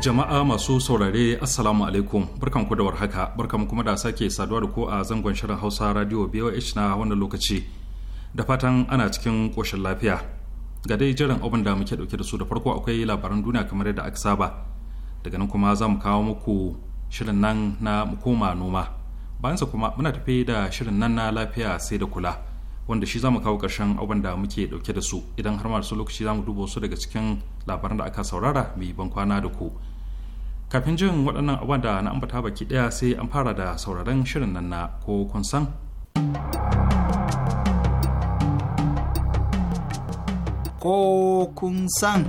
Jama'a masu saurare Assalamu alaikum ku da haka barkan kuma da sake saduwa da ko a zangon shirin Hausa Radio BOH na wannan lokaci da fatan ana cikin koshin lafiya ga dai jiran abin da muke dauke da su da farko akwai labaran duniya kamar yadda aka saba daga nan kuma za mu kawo muku shirin nan na koma noma bayan sa kuma muna tafe da shirin nan na lafiya sai da kula wanda shi za mu kawo ƙarshen abin da muke dauke da su idan har masu lokaci za mu duba su daga cikin labaran da aka saurara mai ban kwana da ku kafin jin waɗannan abubuwan da na ambata baki ɗaya sai an fara da sauraron shirin nan na ko kun san ko kun san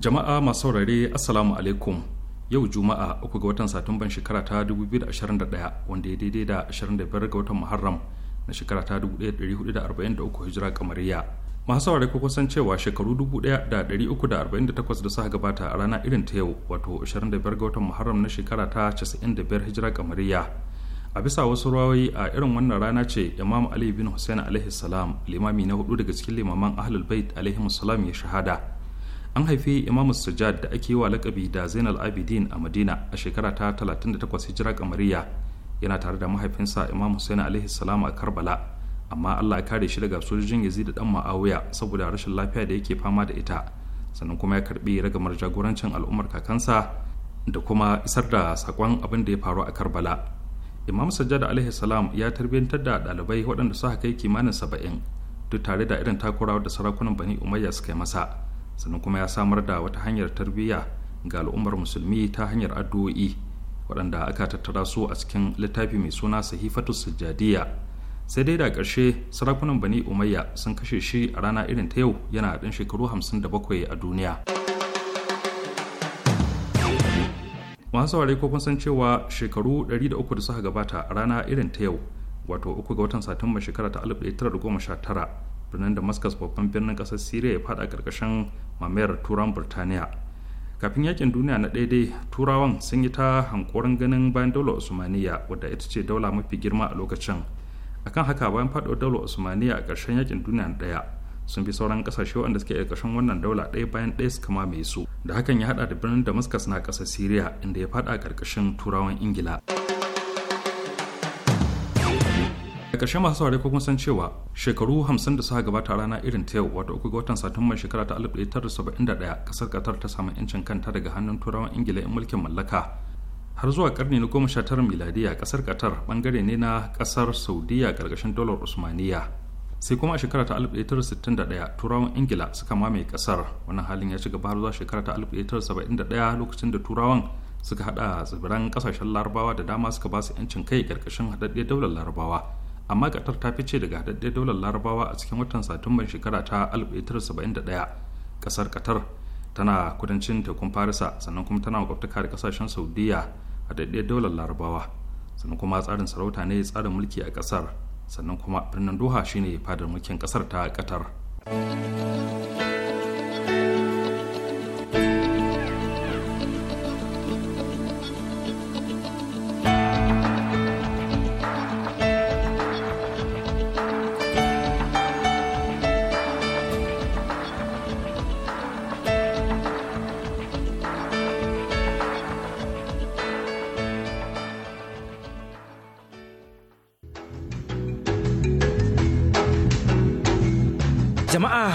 jama'a masu saurare assalamu alaikum yau juma'a uku ga watan satumban shekara ta 2021 wanda ya daidai da 25 ga watan muharram na shekara ta 1443 hijira kamariya masu saurari ko kusan cewa shekaru 1348 da suka gabata a rana irin ta yau wato 25 ga watan muharram na shekara ta 95 hijira kamariya a bisa wasu rawayi a irin wannan rana ce imam ali bin hussein alaihi salam limami na hudu daga cikin limaman ahlul bait alaihi salam ya shahada an haifi imam sujad da ake wa lakabi da zainal abidin a madina a shekara ta 38 hijira kamariya yana tare da mahaifinsa imam hussein alaihi salam a karbala amma allah ya kare shi daga sojojin yazid dan ma'awiya saboda rashin lafiya da yake fama da ita sannan kuma ya karbi ragamar jagorancin al'ummar kakansa da kuma isar da sakon abin da ya faru a karbala imam sajjada alaihi salam ya tarbiyantar da dalibai waɗanda suka kai kimanin saba'in duk tare da irin takurawa da sarakunan bani umayya suka yi masa sannan kuma ya samar da wata hanyar tarbiyya ga al'ummar musulmi ta hanyar addu'o'i waɗanda aka tattara su a cikin littafi mai suna sahifatu Sajjadiyya sai dai da karshe sarakunan bani umayya sun kashe shi a rana irin ta yau yana ɗan shekaru 57 a duniya masu saurari ko kun san cewa shekaru 300 da suka gabata a rana irin ta yau wato uku ga watan satumba shekara ta 1919 birnin damascus babban birnin kasar syria ya fada karkashin mamayar turan burtaniya kafin yakin duniya na daidai turawan sun yi ta hankorin ganin bayan daular usmaniya wadda ita ce daula mafi girma a lokacin akan haka bayan faɗuwar daular usmaniya a ƙarshen yakin duniya ɗaya sun fi sauran ƙasashe waɗanda suke a ƙarshen wannan daula ɗaya bayan ɗaya suka mamaye su da hakan ya haɗa da birnin damascus na ƙasar siriya inda ya faɗa a ƙarƙashin turawan ingila a ƙarshe masu saurari ko san cewa shekaru 50 da suka gabata rana irin ta yau wato uku ga watan satumban shekara ta 1971 ƙasar qatar ta samu 'yancin kanta daga hannun turawan ingila in mulkin mallaka har zuwa karni na goma sha tara miladiya kasar qatar bangare ne na kasar saudiya karkashin dolar usmaniya sai kuma a shekara ta 1961 turawan ingila suka mamaye kasar wannan halin ya ci gaba har zuwa shekara ta 1971 lokacin da turawan suka hada tsibiran kasashen larabawa da dama suka ba su yancin kai karkashin haɗaɗɗiyar daular larabawa amma qatar ta fice daga haɗaɗɗiyar daular larabawa a cikin watan satumban shekara ta 1971 kasar qatar tana kudancin tekun farisa sannan kuma tana makwabtaka da kasashen saudiya a daidai daular larabawa sannan kuma tsarin sarauta ne tsarin mulki a kasar sannan kuma birnin doha shine fadar mulkin kasar ta katar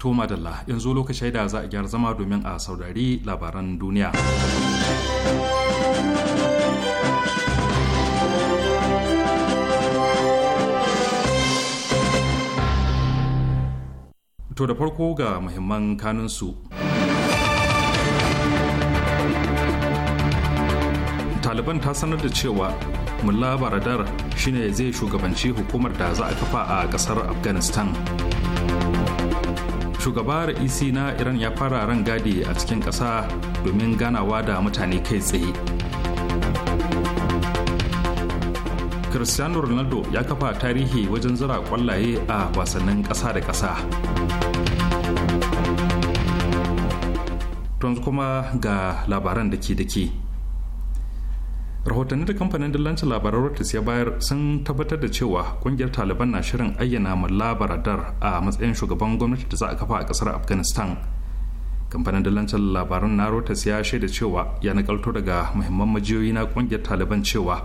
To madalla yanzu lokacin da za a gyara zama domin a saurari labaran duniya. To da farko ga muhimman kanunsu. Taliban ta sanar da cewa Mullah Baradar shine zai shugabanci hukumar da za a kafa a kasar Afghanistan. shugaba ra'isi na iran ya fara ran gadi a cikin ƙasa domin ganawa da mutane kai tsaye cristiano ronaldo ya kafa tarihi wajen zira kwallaye a wasannin ƙasa da ƙasa yanzu kuma ga labaran da ke da ke rahotanni da kamfanin dillancin labaran reuters ya bayar sun tabbatar da cewa kungiyar taliban na shirin ayyana mulla baradar a matsayin shugaban gwamnati da za a kafa a kasar afghanistan kamfanin dillancin labaran na reuters ya shaida cewa ya nakalto daga muhimman majiyoyi na kungiyar taliban cewa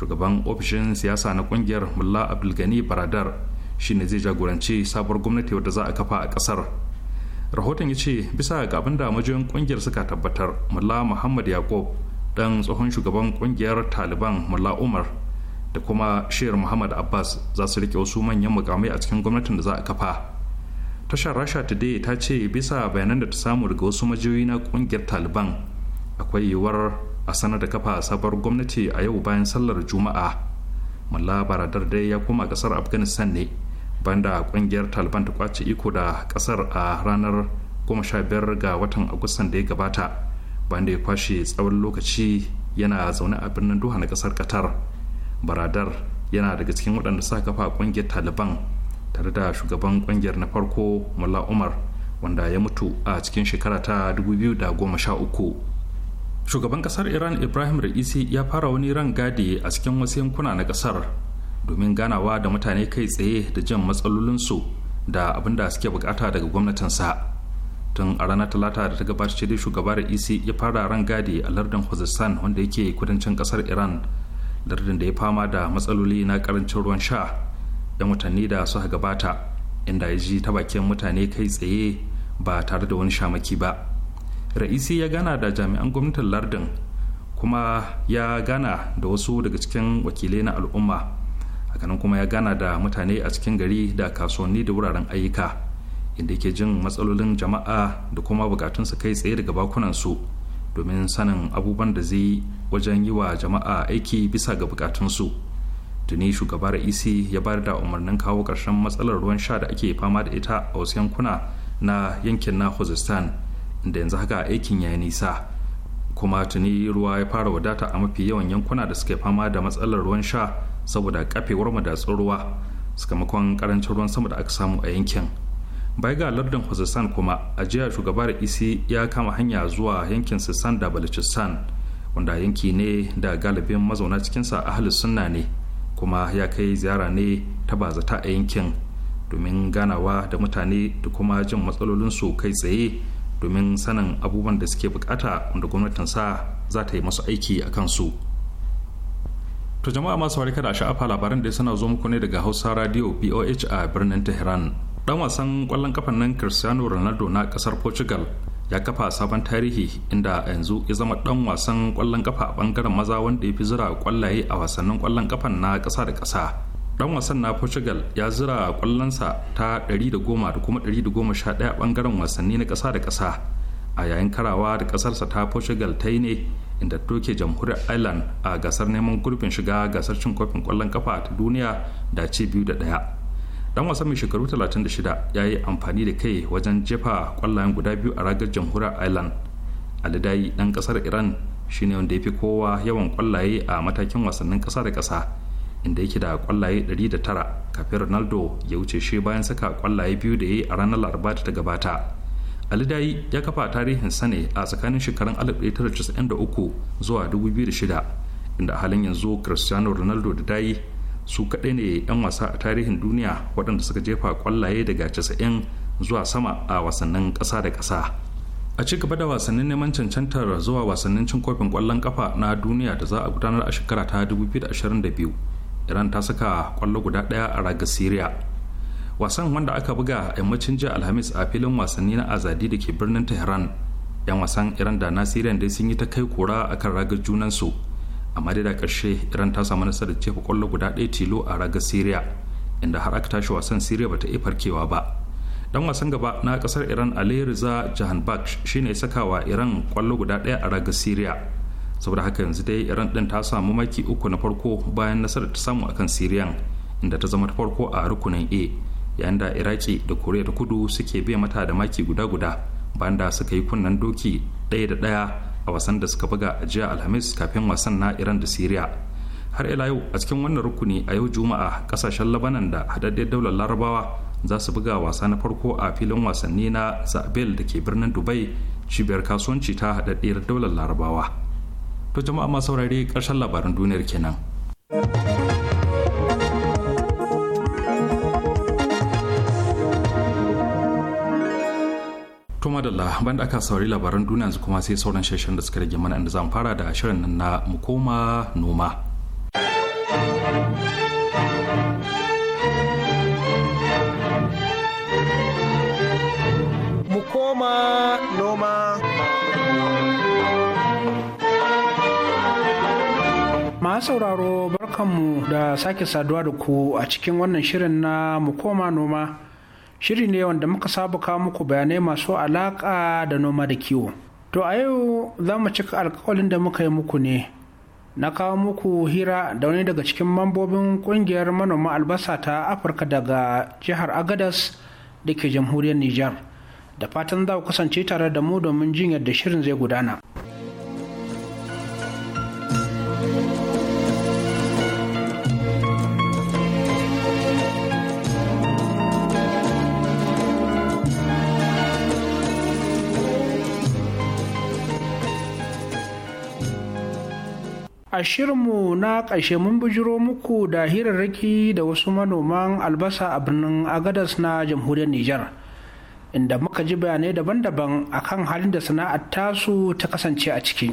shugaban ofishin siyasa na kungiyar mulla abdulgani baradar shine zai jagoranci sabuwar gwamnati wadda za a kafa a kasar rahoton ya ce bisa ga abin da majiyoyin kungiyar suka tabbatar mulla muhammad yakub dan tsohon shugaban kungiyar taliban mula umar da kuma shiyar muhammad abbas za su rike wasu manyan mukamai a cikin gwamnatin da za a kafa tashar rasha today ta ce bisa bayanan da ta samu daga wasu majiyoyi na kungiyar taliban akwai yiwuwar a sanar da kafa sabar gwamnati a yau bayan sallar juma'a mula baradar dai ya koma kasar afghanistan ne banda kungiyar taliban ta kwace iko da kasar a ranar 15 ga watan agustan da ya gabata bayan da ya kwashe tsawon lokaci yana zaune a birnin doha na kasar qatar baradar yana daga cikin waɗanda sa kafa ƙungiyar taliban tare da shugaban ƙungiyar na farko mula umar wanda ya mutu a cikin shekara ta 2013 shugaban kasar iran ibrahim ra'isi ya fara wani ran gadi a cikin wasu yankuna na kasar domin ganawa da mutane kai tsaye da jan matsalolinsu da abin da suke bukata daga gwamnatinsa tun a ranar talata da ta gabata ce dai shugaba da isi ya fara ran gadi a lardin khuzestan wanda yake kudancin kasar iran lardin da ya fama da matsaloli na karancin ruwan sha yan mutane da suka gabata inda ya ji ta bakin mutane kai tsaye ba tare da wani shamaki ba ra'isi ya gana da jami'an gwamnatin lardin kuma ya gana da wasu daga cikin wakilai na al'umma hakanan kuma ya gana da mutane a cikin gari da kasuwanni da wuraren ayyuka inda ke jin matsalolin jama'a da kuma bukatunsu kai tsaye daga su domin sanin abubuwan da zai wajen yi wa jama'a aiki bisa ga bukatunsu tuni shugaba raisi ya bayar da umarnin kawo ƙarshen matsalar ruwan sha da ake fama da ita a wasu yankuna na yankin na khuzestan inda yanzu haka aikin ya nisa kuma tuni ruwa ya fara wadata a mafi yawan yankuna da suke fama da matsalar ruwan sha saboda kafewar madatsun ruwa sakamakon karancin ruwan sama da aka samu a yankin bai ga lardin khuzestan kuma a jiya shugaba da isi ya kama hanya zuwa yankin sassan da balochistan wanda yanki ne da galibin mazauna cikinsa a sunna ne kuma ya kai ziyara ne ta bazata a yankin domin ganawa da mutane da kuma jin matsalolinsu kai tsaye domin sanin abubuwan da suke bukata wanda gwamnatinsa za ta yi masu aiki a kansu to jama'a masu warika da sha'afa labaran da suna zo muku ne daga hausa radio boh a birnin tehran dan wasan kwallon kafan nan cristiano ronaldo na kasar portugal ya kafa sabon tarihi inda yanzu ya zama dan wasan kwallon kafa a bangaren maza wanda ya fi zira kwallaye a wasannin kwallon kafan na kasa da kasa dan wasan na portugal ya zira kwallonsa ta 110 da kuma 111 a bangaren wasanni na kasa da kasa a yayin karawa da kasarsa ta portugal ta yi ne inda toke jamhuriyar ireland a gasar neman gurbin shiga gasar cin kofin kwallon kafa ta duniya da ci biyu da daya dan wasan mai shekaru 36 ya yi amfani da kai wajen jefa kwallayen guda biyu a ragar jamhuriyar ireland aladayi dan kasar iran shine wanda ya fi kowa yawan kwallaye a matakin wasannin kasa da kasa inda yake da kwallaye 109 kafin ronaldo ya wuce shi bayan saka kwallaye biyu da ya yi a ranar laraba ta gabata alidayi ya kafa tarihin sane a tsakanin shekarun 1993 zuwa 2006 inda halin yanzu cristiano ronaldo da dayi su kaɗai ne 'yan wasa a tarihin duniya waɗanda suka jefa ƙwallaye daga 90 zuwa sama a wasannin ƙasa da ƙasa a ci gaba da wasannin neman cancantar zuwa wasannin cin kofin ƙwallon ƙafa na duniya da za a gudanar a shekara ta 2022 iran ta saka ƙwallo guda ɗaya a raga syria wasan wanda aka buga a yammacin jiya alhamis a filin wasanni na azadi da ke birnin tehran 'yan wasan iran da na dai sun yi ta kai kura akan ragar junansu amma dai da ƙarshe iran ta samu nasarar jefa kwallo guda ɗaya tilo a raga syria inda har aka tashi wasan syria bata yi farkewa ba dan wasan gaba na ƙasar iran ali riza jahan shine shi ne sakawa iran kwallo guda ɗaya a raga syria saboda haka yanzu dai iran ɗin ta samu maki uku na farko bayan nasarar ta samu akan syrian inda ta zama ta farko a rukunin a yayin da iraki da koriya ta kudu suke biya mata da maki guda guda bayan da suka yi kunnen doki ɗaya da ɗaya a wasan da suka buga a jiya alhamis kafin wasan na iran da siriya har ila yau a cikin wannan rukuni a yau juma'a kasashen labanan da hadaddiyar daular larabawa za su buga wasa na farko a filin wasanni na zabel da ke birnin dubai cibiyar kasuwanci ta hadaddiyar daular larabawa to jama'a ma saurari karshen labaran duniyar kenan. madalla banda aka saurari labaran duniya yanzu kuma sai sauran shirin da suka rage mana inda zan fara da shirin nan na mu koma noma mu noma sauraro barkanmu da sake saduwa da ku a cikin wannan shirin na mukoma noma shiri ne wanda muka saba kawo muku bayanai masu alaka da noma da kiwo to a yau za mu cika alkawalin da muka yi muku ne na kawo muku hira da wani daga cikin mambobin kungiyar manoma albasa ta afirka daga jihar agadas da ke jamhuriyar nijar da fatan za ku kasance tare da mu domin jin yadda shirin zai gudana a shirinmu na ƙarshe mun bijiro muku da hirarraki da wasu manoman albasa a birnin agadas na jamhuriyar Nijar. inda muka ji bayanai daban-daban akan halin da sana'ar tasu ta kasance a ciki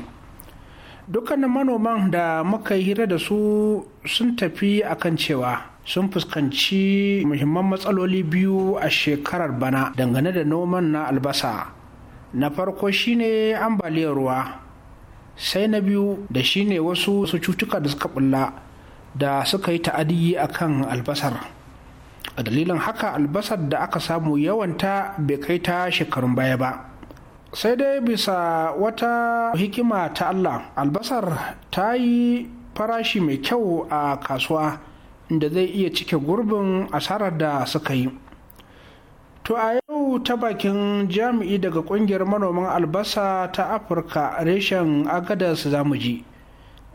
dukkanin manoman da muka yi hira da su sun tafi a kan cewa sun fuskanci muhimman matsaloli biyu a shekarar bana dangane da noman na albasa na farko shine ambaliyar ruwa sai na biyu da shine wasu su cutuka da suka bulla da suka yi a kan albasar a dalilin haka albasar da aka samu yawanta bai kai ta shekarun baya ba sai dai bisa wata hikima ta allah albasar ta yi farashi mai kyau a kasuwa inda zai iya cike gurbin asarar da suka yi to a ta bakin jami'i daga kungiyar manoman albasa ta afirka reshen agadas zamu ji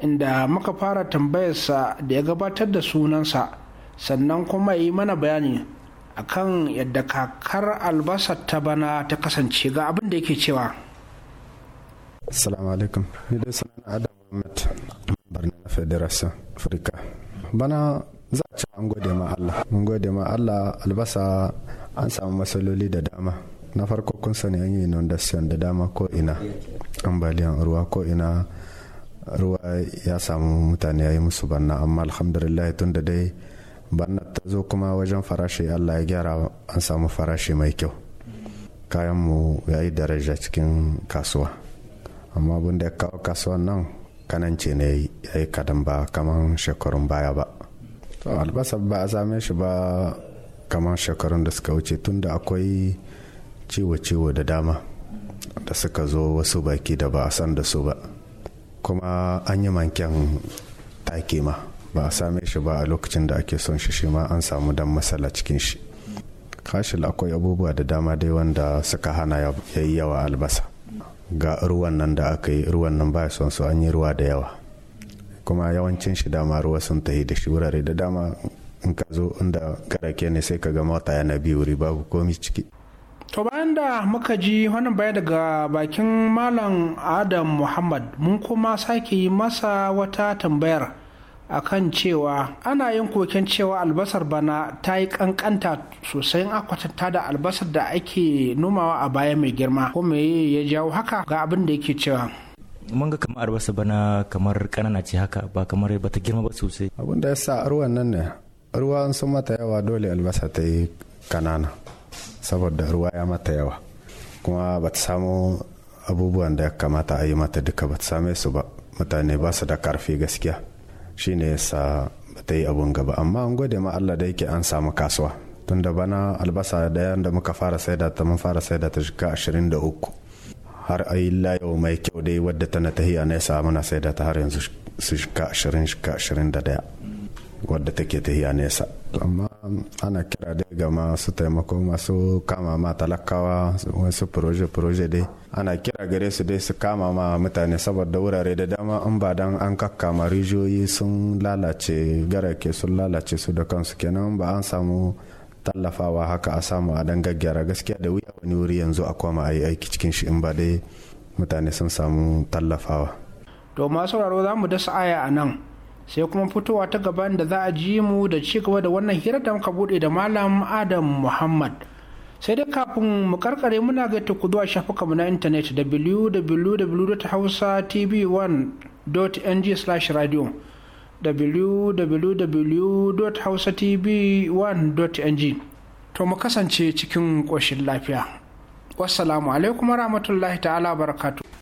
inda muka fara tambayarsa da ya gabatar da sunansa sannan kuma yi mana bayani akan yadda kakar albasa ta bana ta kasance ga abin da yake cewa alaikum bana za a ci an gode ma allah mun gode ma allah albasa an samu matsaloli da dama na farko kun sani an yi inundation da dama ko ina ambaliyan ruwa ko ina ruwa ya samu mutane ya yi musu banna amma alhamdulillah tun da dai banna ta zo kuma wajen farashi allah ya gyara an samu farashi mai kyau kayan mu ya yi daraja cikin kasuwa amma abin da ya kawo kasuwan nan kanance ne ya yi kadan ba kaman shekarun baya ba albasa ba a same shi ba kamar shekarun da suka wuce tunda akwai ciwo-ciwo da dama da suka zo wasu baki da ba a san da su ba kuma an yi manken take ma ba a same shi ba a lokacin da ake son shi shi ma an samu dan matsala cikin shi kashil akwai abubuwa da dama dai wanda suka hana ya yi yawa albasa ga ruwan nan da aka yi ruwan nan baya son su an yi ruwa da yawa kuma yawancin shi dama ruwa sun tahi da shi wurare da dama in ka zo inda ke ne sai ka ga mota yana biyu wuri babu komi ciki to bayan da muka ji wani baya daga bakin malam adam muhammad mun kuma sake yi masa wata tambayar a kan cewa ana yin koken cewa albasar bana ta yi kankanta sosai in akwatanta da albasar da ake nomawa a baya mai girma ko me ya jawo haka ga abin da yake cewa mun ga kamar albasa bana kamar kanana ce haka ba kamar ba ta girma ba sosai abin da ya sa arwan nan ne ruwa sun mata yawa dole albasa ta yi kanana saboda ruwa ya mata yawa kuma ba ta samu abubuwan da ya kamata a yi mata duka ba ta same su ba mutane ba su da karfi gaskiya shi shine sa ba ta yi abun gaba amma an gode ma Allah da yake an samu kasuwa tun da bana albasa daya da muka fara saida ta mun fara saida ta shiga ashirin da uku har a yi layo mai kyau dai wadda tana tahiya nesa sai saida ta har yanzu su shiga ashirin shiga ashirin da daya wadda take hiya nesa amma ana kira dai ga masu taimako masu kama ma talakawa wasu proje-proje dai ana kira gare su dai su kama ma mutane saboda wurare da dama in ba dan an kakkama rijiyoyi sun lalace garake sun lalace su da kansu kenan ba an samu tallafawa haka a samu a dan gaggyara gaskiya da wuya wani wuri yanzu a koma a yi aiki cikin shi in ba dai mutane sun samu tallafawa to masu raro za mu dasa aya a nan sai kuma fitowa ta gaban da za a ji mu da ci gaba da wannan hirar da muka bude da malam adam muhammad sai dai kafin mu karkare muna ga ku zuwa mu na intanet www.hausatv1.ng/radio www.hausatv1.ng to mu kasance cikin ƙoshin lafiya wassalamu alaikum rahmatullahi ta'ala barakatu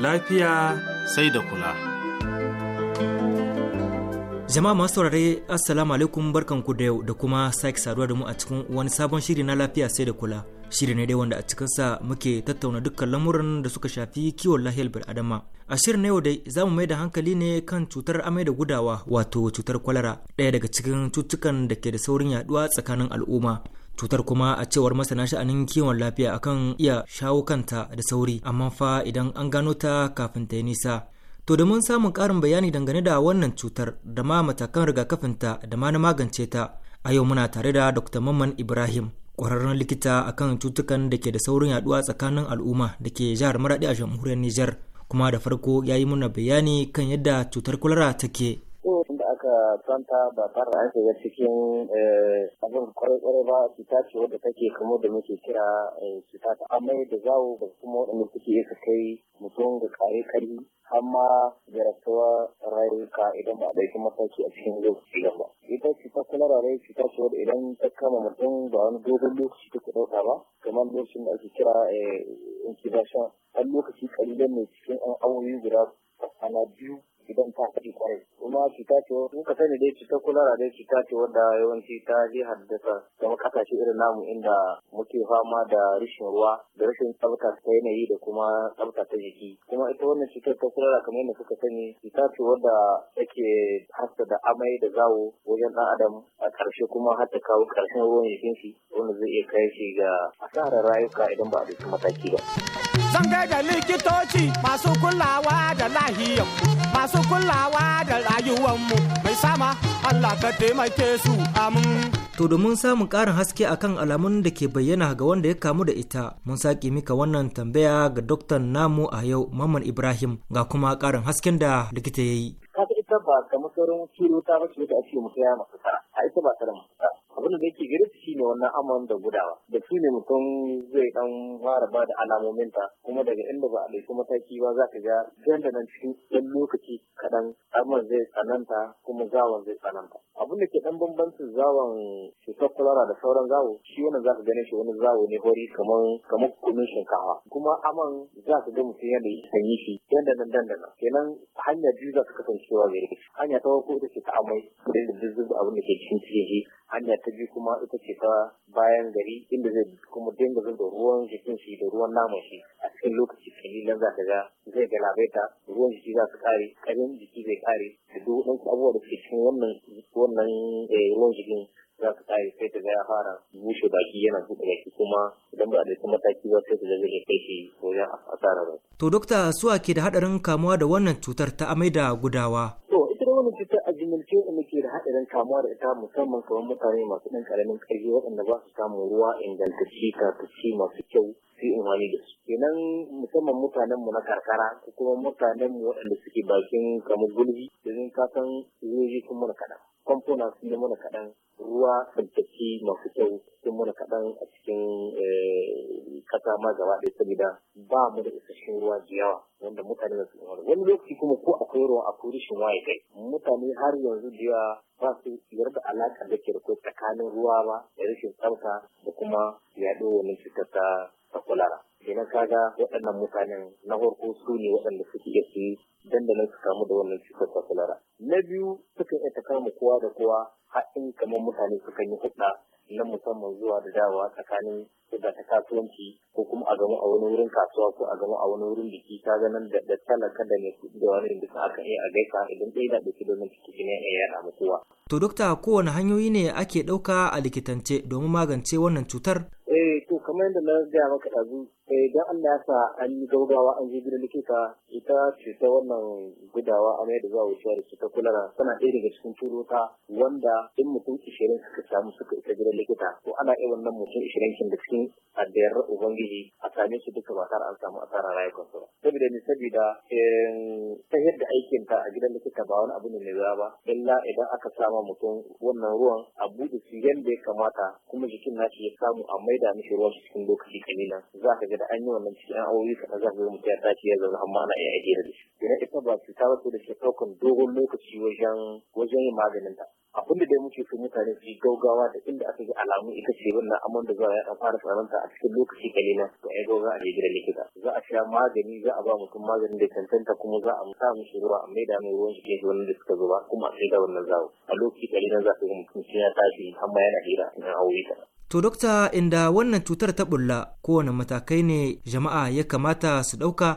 lafiya sai da kula. Jama'a masu saurare Assalamu alaikum barkanku da yau da kuma sake saduwa da mu a cikin wani sabon shiri na lafiya sai da kula. Shiri ne dai wanda a cikinsa muke tattauna dukkan lamuran da suka shafi kiwon lahiyar bil'adama. A shirin na yau dai za mu mai da hankali ne kan cutar amai da gudawa wato cutar kwalara ɗaya daga cikin cutukan da ke da saurin yaduwa tsakanin al'umma. cutar kuma a cewar masana sha'anin kiwon lafiya akan iya shawo kanta da sauri amma fa idan an gano ta kafin ta yi nisa to da mun samun karin bayani dangane da wannan cutar da ma matakan rigakafin ta da ma na magance ta a yau muna tare da dr mamman ibrahim kwararren likita akan cutukan da ke da saurin yaduwa tsakanin al'umma da ke jihar maradi a jamhuriyar Nijar kuma da farko ya yi muna bayani kan yadda cutar kwalara take aka tsanta ba fara da an shiga cikin eh, abin kwarai-kwarai ba cuta ce wadda take kamo da muke kira eh, cuta ta amai da zawo da kuma wadanda suke iya kai mutum ga kare-kari har ma da rasuwa rayuka idan ba a ɗauki mataki a cikin lokaci ba. Ita cuta kuma rarai cuta ce wadda idan ta kama mutum ba wani dogon lokaci ta ɗauka ba kamar lokacin da ake kira eh, incubation har lokaci kalilan ne cikin an awoyi guda ana biyu idan ta fi kwarai kuma cuta ce wanda ka sani dai cutar kulara dai cuta ce wanda yawanci ta je haddasa kamar kasashe irin namu inda muke fama da rashin ruwa da rashin tsafta ta yanayi da kuma tsafta ta jiki kuma ita wannan cutar ta kulara kamar yadda kuka sani cuta ce wanda take hasa da amai da zawo wajen ɗan adam a ƙarshe kuma har ta kawo ƙarshen ruwan jikin shi wanda zai iya kai shi ga asarar rayuka idan ba a ɗauki mataki ba. Zan gaida likitoci masu kulawa da lahiyar masu kulawa da rayuwanmu mai sama Allah ka taimake su amin. To domin samun ƙarin haske akan alamun da ke bayyana ga wanda ya kamu da ita, mun saki mika wannan tambaya ga doktan namu a yau Mamman Ibrahim ga kuma ƙarin hasken da likita ya yi. Ka ita ba kamar sauran ciro ta ce da ake mutu ya masu a ita ba ta da masu abin da yake gari shi ne wannan aman da gudawa da su ne mutum zai dan fara ba da alamomin ta kuma daga inda ba a ɗauki mataki ba za ka ga nan cikin ɗan lokaci kaɗan aman zai tsananta kuma zawon zai tsananta abin da ke dan bambancin zawon cutar kulara da sauran zawo shi wannan zaka gane shi wani zawo ne hori kaman kamar kunun shinkafa kuma aman za ka ga mutum yadda yake sanyi shi yadda nan dan dana kenan hanya biyu za ka kasancewa gari hanya ta farko ita ce ta amai da zuzzub abin da ke cikin cikin shi hanya ta biyu kuma ita ce ta bayan gari inda zai kuma dinga zuba ruwan jikin shi da ruwan naman shi cikin lokaci kalilan za ka ga zai galabaita ruwan jiki za su kare karin jiki zai kare da duk wadansu abubuwa da suke cikin wannan wannan eh, ruwan jikin za su kare sai ta ga ya fara bushe baki yana buɗe baki kuma idan ba a ɗauki mataki ba sai ta ga zai kai shi wajen asara ba. To dokta suwa ke da haɗarin kamuwa da wannan cutar ta amai da gudawa. To ita da wannan cutar a jimilce da ke da haɗarin kamuwa da ita musamman kamar mutane masu ɗan ƙaramin ƙarfi waɗanda ba su samun ruwa ingantacce tatacce masu kyau sai in wani da su kenan musamman mutanen mu na karkara ko kuma mutanen mu waɗanda suke bakin kamar gulbi domin ka san zoji sun muna kaɗan kwamfuna sun yi muna kaɗan ruwa tsabtacce masu kyau sun muna kaɗan a cikin kasa eh, ma gaba ɗaya saboda ba mu da isasshen ruwa da yawa wanda mutane da su wani lokaci kuma ko akwai ruwa a kurishin waye kai mutane har yanzu da yawa ba su da alaƙa da ke tsakanin ruwa ba da rashin tsafta da kuma yaɗo wani cutar ta ta kulara kenan kaga waɗannan mutanen na farko su ne waɗanda suke iya su dandalin su kamu da wannan cutar ta kulara na biyu sukan iya ta kama kowa da kowa har in kamar mutane sukan yi hudda na musamman zuwa da dawa tsakanin da ta kasuwanci ko kuma a gama a wani wurin kasuwa ko a gama a wani wurin biki ta ganin da da talaka da ne da wani duka aka iya a gaisa idan ɗaya da ɗauki domin ciki ne ya yana mutuwa. To dokta kowane hanyoyi ne ake ɗauka a likitance domin magance wannan cutar? eh to kamar yadda na gaya maka ɗazu idan eh, Allah ya sa an yi gaugawa an yi gidan likita ita ce ta wannan gudawa a da wuce da cuta kulara tana ɗaya daga cikin turuta wanda in mutum ishirin suka samu suka isa gidan likita ko ana iya wannan mutum ishirin kin da cikin addayar ubangiji a same su duka ba tare an samu asara rayukan su ba saboda ne saboda eh, ta yadda aikin ta a gidan likita ba wani abu ne mai ba illa idan aka sama mutum wannan ruwan a buɗe su yadda ya kamata kuma jikin nashi ya samu a maida mishi ruwan cikin lokaci kalilan za ka ga da an yi wannan cikin awowi kaɗan za ka ga mutum ya tashi ya zauna amma ana iya ajiyar da shi ina ita ba su tabar da ke ɗaukan dogon lokaci wajen wajen yin maganin ta abinda dai muke so mutane su yi gaugawa da inda aka yi alamu ita ce wannan amon da za a a fara ta a cikin lokaci kalina to ai gaugawa a jirgin likita za a sha magani za a ba mutum maganin da cancanta kuma za a sa mishi ruwa a maida mai ruwan shi wannan da suka zuba kuma a sai da wannan zawo a lokaci kalilan za ka ga mutum sai ya tashi amma yana hira in an aure ta To dokta inda wannan cutar ta bulla kowane matakai ne jama'a ya kamata su ɗauka?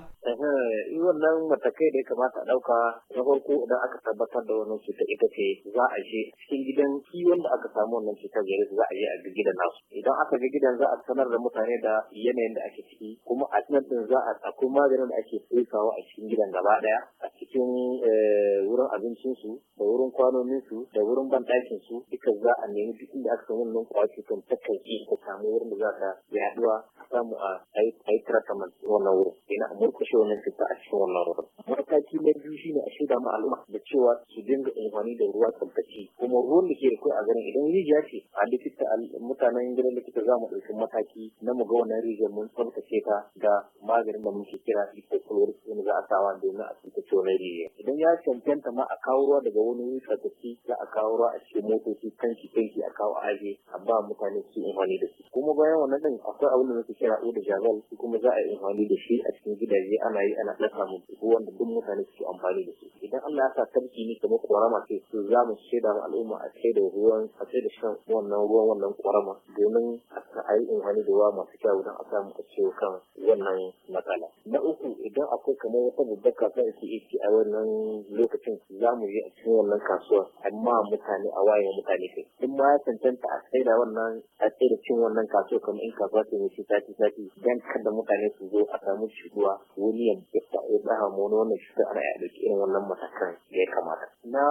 wannan matakai da ya kamata a ɗauka na farko idan aka tabbatar da wannan cuta ita ce za a je cikin gidan kiwon da aka samu wannan cutar gare za a je a gidan nasu idan aka ga gidan za a sanar da mutane da yanayin da ake ciki kuma a cikin din za a akwai maganin da ake fesawa a cikin gidan gaba ɗaya a cikin eh, wurin abincinsu da wurin kwanoninsu da wurin banɗakinsu duka za a nemi duk inda aka samu wannan kwaci ta kai ta samu wurin da za ta yaduwa. samu a yi kamar wannan wurin ina a murkushe wannan cuta a cikin wannan wurin mataki na biyu shine a shaida mu al'umma da cewa su dinga amfani da ruwa tsabtacce kuma ruwan da ke da kai a garin idan rijiya ce a likita mutanen gidan likita za mu ɗauki mataki na mu ga wannan rijiyar mun tsabtace ta da maganin da muke kira hydrochloric wanda za a sawa domin a tsabtace wannan rijiya idan ya cancanta ma a kawo ruwa daga wani wuri tsabtacce za a kawo ruwa a cikin motoci kanki, tanki a kawo aje a ba mutane su amfani da su kuma bayan wannan din akwai abin da muke kira da jagal kuma za a yi amfani da shi a cikin gidaje ana yi ana ɗaka mu wanda duk mutane suke amfani da su idan Allah ya sa tabki ne kamar ƙorama ce to za mu shaida wa al'umma a kai da ruwan a kai da shan wannan ruwan wannan ƙorama domin a yi amfani da ruwa masu kyau don a samu a ciwo kan wannan matsala na uku idan akwai kamar wata babbar kasuwa da ke a wannan lokacin za mu yi a cikin wannan kasuwa amma mutane a waye mutane kai in ma ya cancanta a da wannan a da cin wannan kasuwa kamar in kasuwa ce mai sati zafi dan kada mutane su zo a samu shigowa wani ya ta ya mu wani wannan cutar ana yaɗa ke irin wannan matakan da ya kamata na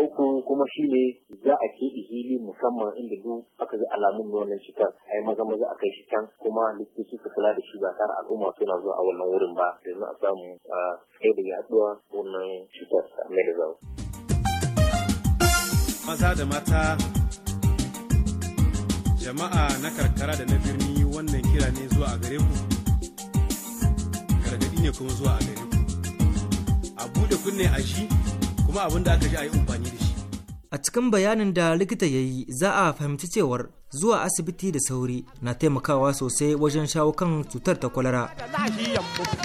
uku kuma shi ne za a ke hili musamman inda duk aka ga alamun na wannan cutar yi maza maza a kai shi can kuma likitoci su kula da shi ba tare al'umma suna zuwa a wannan wurin ba domin a samu kai da yaduwa wannan cutar mai da zau. Maza da mata jama'a na karkara da na birni wannan kira ne zuwa a gare ku gargadi ne kuma zuwa a gare ku a bude kunne a shi kuma abin da aka ji a yi amfani da shi a cikin bayanin da likita ya yi za a fahimci cewar zuwa asibiti da sauri na taimakawa sosai wajen shawo kan cutar ta kwalara.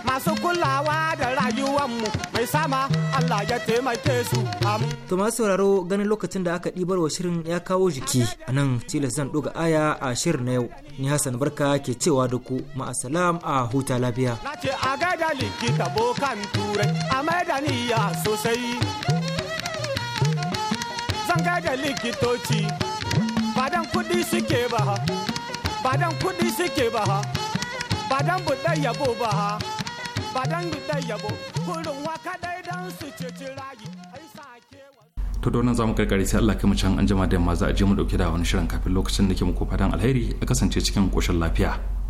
Masu kulawa da rayuwanmu mai sama Allah ya taimake su. To masu sauraro ganin lokacin da aka ɗibar wa shirin ya kawo jiki a nan tilas zan ɗuga aya a shirin na yau. Ni Hassan Barka ke cewa da ku ma'asalam a huta lafiya. Na ce a gaida likita bokan turai a maida niyya sosai. sanga da likitoci ba dan kudi suke ba ha dan kudi suke ba ha dan budan yabo ba ha dan budan yabo kurin waka dai dan su ceci rayi to donan zamu karkare sai Allah kuma can anjima da yamma za a je mu dauke da wani shirin kafin lokacin da ke muku fadan alheri a kasance cikin koshin lafiya